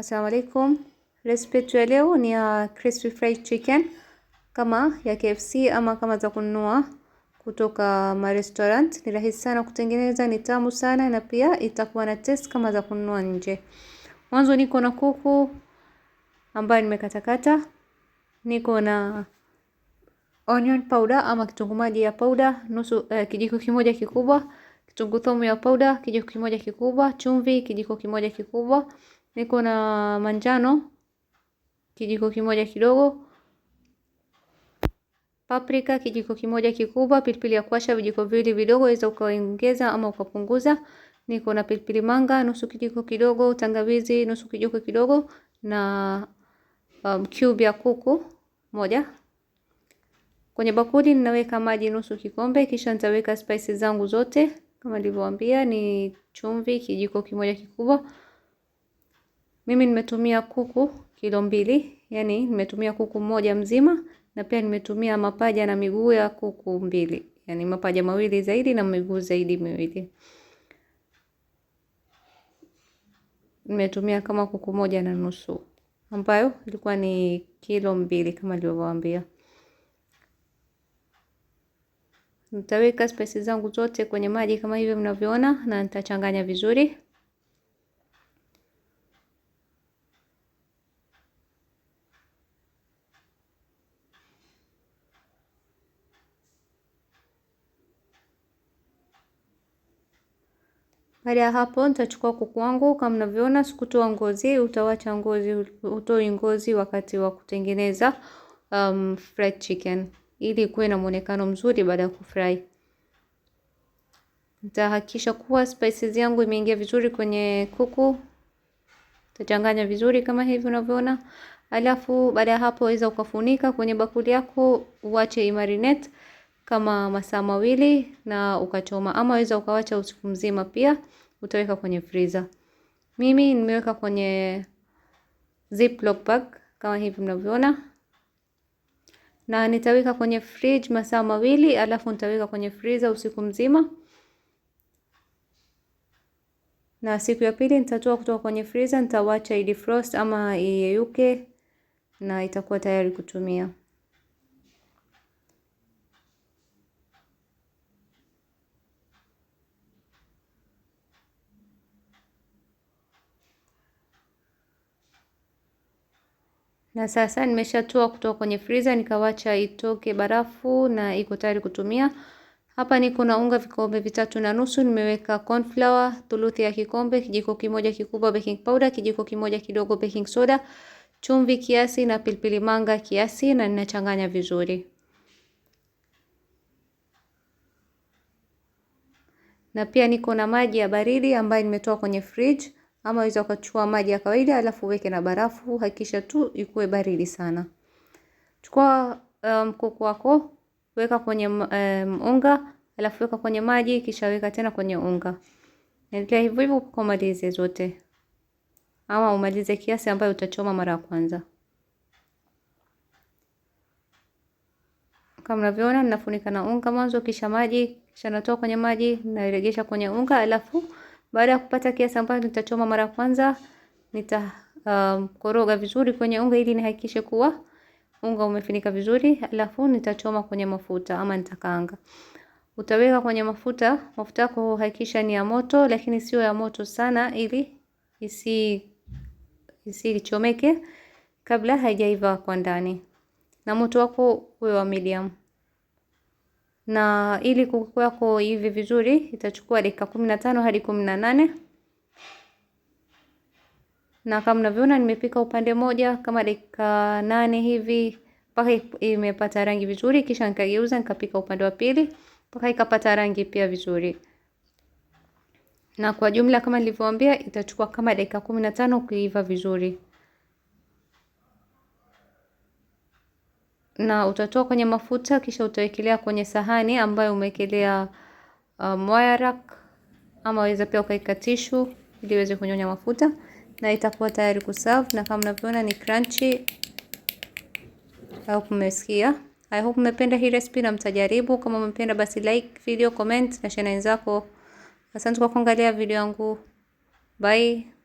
Assalamu alaikum. Recipe ya leo ni ya crispy fried chicken kama ya KFC ama kama za kununua kutoka ma restaurant. Ni rahisi sana kutengeneza, ni tamu sana na pia itakuwa na taste kama za kununua nje. Mwanzo niko na kuku ambayo nimekatakata, niko na onion powder ama kitunguu maji ya powder nusu, eh, kijiko kimoja kikubwa, kitunguu thomu ya powder kijiko kimoja kikubwa, chumvi kijiko kimoja kikubwa niko na manjano kijiko kimoja kidogo, paprika kijiko kimoja kikubwa, pilipili ya kuasha vijiko viwili vidogo, waweza ukaongeza ama ukapunguza. Niko na pilipili manga nusu kijiko kidogo, tangawizi nusu kijiko kidogo, na um, cube ya kuku moja. Kwenye bakuli ninaweka maji nusu kikombe, kisha nitaweka spices zangu zote kama nilivyowaambia, ni chumvi kijiko kimoja kikubwa mimi nimetumia kuku kilo mbili, yani nimetumia kuku mmoja mzima na pia nimetumia mapaja na miguu ya kuku mbili, yani mapaja mawili zaidi na miguu zaidi miwili. Nimetumia kama kuku moja na nusu ambayo ilikuwa ni kilo mbili kama nilivyowaambia. Nitaweka spesi zangu zote kwenye maji kama hivyo mnavyoona, na nitachanganya vizuri. Baada ya hapo nitachukua kuku wangu, kama mnavyoona sikutoa ngozi, utawacha ngozi, utoi ngozi wakati wa kutengeneza um, fried chicken ili kuwe na muonekano mzuri baada ya kufry. Nitahakikisha kuwa spices yangu imeingia vizuri kwenye kuku, nitachanganya vizuri kama hivi unavyoona. Alafu baada ya hapo weza ukafunika kwenye bakuli yako, uache imarinate kama masaa mawili na ukachoma, ama waweza ukawacha usiku mzima, pia utaweka kwenye freezer. Mimi nimeweka kwenye ziplock bag kama hivi mnavyoona, na nitaweka kwenye fridge masaa mawili, alafu nitaweka kwenye freezer usiku mzima, na siku ya pili nitatoa kutoka kwenye freezer, nitawacha idefrost ama iyeyuke, na itakuwa tayari kutumia. na sasa nimeshatoa kutoka kwenye freezer nikawacha itoke barafu na iko tayari kutumia. Hapa niko na unga vikombe vitatu na nusu, nimeweka corn flour thuluthi ya kikombe, kijiko kimoja kikubwa baking powder, kijiko kimoja kidogo baking soda, chumvi kiasi na pilipili manga kiasi, na ninachanganya vizuri. Na pia niko na maji ya baridi ambayo nimetoa kwenye fridge ama unaweza ukachukua maji ya kawaida alafu uweke na barafu, hakikisha tu ikuwe baridi sana. Chukua eh, mkoko um, wako weka kwenye um, unga alafu weka kwenye maji, kisha weka tena kwenye unga. Endelea hivyo hivyo mpaka umalize zote, ama umalize kiasi ambayo utachoma mara ya kwanza. Kama unavyoona ninafunika na unga mwanzo, kisha maji, kisha natoa kwenye maji, naregesha kwenye unga alafu baada ya kupata kiasi ambacho nitachoma mara kwanza, nita um, vizuri kwenye unga ili nihakikishe kuwa unga umefinika vizuri, alafu nitachoma kwenye mafuta ama nitakaanga. Utaweka kwenye mafuta, mafuta yako hakikisha ni ya moto, lakini sio ya moto sana ili isi isichomeke kabla haijaiva kwa ndani, na moto wako uwe wa medium na ili kuku wako hivi vizuri itachukua dakika kumi na tano hadi kumi na nane na kama mnavyoona nimepika upande moja kama dakika nane hivi mpaka imepata rangi vizuri, kisha nikageuza nikapika upande wa pili mpaka ikapata rangi pia vizuri. Na kwa jumla kama nilivyowaambia, itachukua kama dakika kumi na tano kuiva vizuri. na utatoa kwenye mafuta kisha utawekelea kwenye sahani ambayo umewekelea uh, mwayarak ama waweza pia ukaweka tishu ili iweze kunyonya mafuta na itakuwa tayari kuserve. Na kama mnavyoona ni crunchy. au kumesikia. I hope mmependa hii recipe na mtajaribu. Kama mmependa basi like video, comment na share na wenzako. Asante kwa kuangalia video yangu. Bye.